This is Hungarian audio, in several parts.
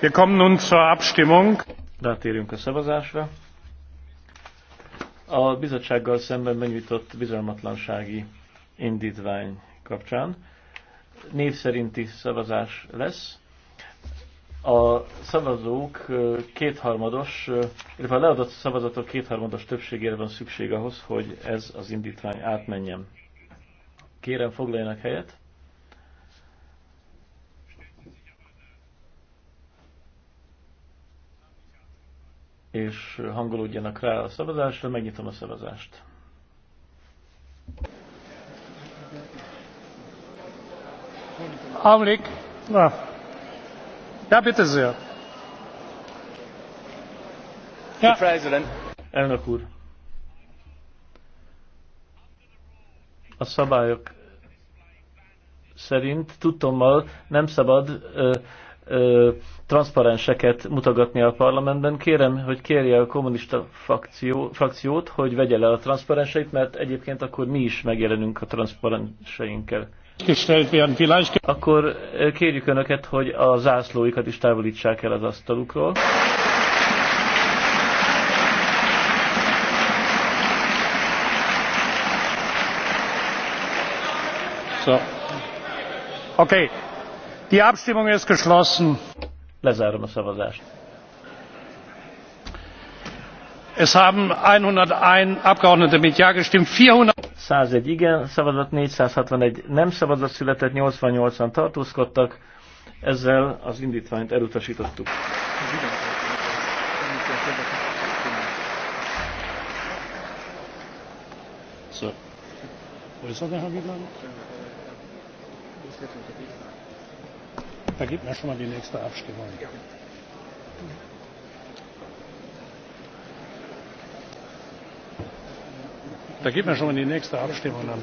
Wir kommen nun zur Abstimmung. Rátérünk a szavazásra. A bizottsággal szemben benyújtott bizalmatlansági indítvány kapcsán név szerinti szavazás lesz. A szavazók kétharmados, illetve a leadott szavazatok kétharmados többségére van szükség ahhoz, hogy ez az indítvány átmenjen. Kérem, foglaljanak helyet. és hangolódjanak rá a szavazásra. Megnyitom a szavazást. Amlik. Na. Ja, bitte sehr. Ja. Elnök úr. A szabályok szerint tudtommal nem szabad uh, ö, transzparenseket mutogatni a parlamentben. Kérem, hogy kérje a kommunista fakció, frakciót, hogy vegye le a transzparenseit, mert egyébként akkor mi is megjelenünk a transzparenseinkkel. Akkor kérjük Önöket, hogy a zászlóikat is távolítsák el az asztalukról. So. Okay. Die Abstimmung ist geschlossen. a Es haben 101 Abgeordnete mit Ja gestimmt, 400... 101 igen, szavazat 461 nem szavazat született, 88-an tartózkodtak. Ezzel az indítványt elutasítottuk. So. Wo ist das denn, Herr Wiedmann? da gibt man schon mal die nächste abstimmung. da gibt man schon mal die nächste abstimmung an.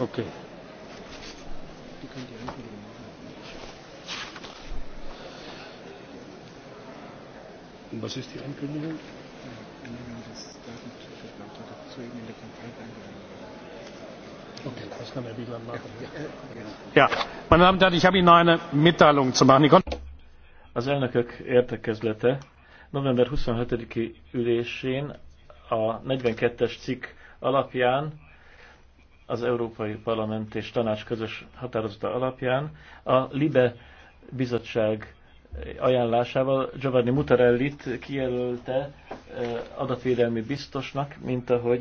Okay. Was ist die Ankündigung? Ja, meine Damen und Herren, ich habe Ihnen eine Mitteilung zu machen. Az elnökök értekezlete november 27-i ülésén a 42-es cikk alapján az Európai Parlament és Tanács közös határozata alapján a LIBE bizottság ajánlásával Giovanni Mutarellit kijelölte adatvédelmi biztosnak, mint ahogy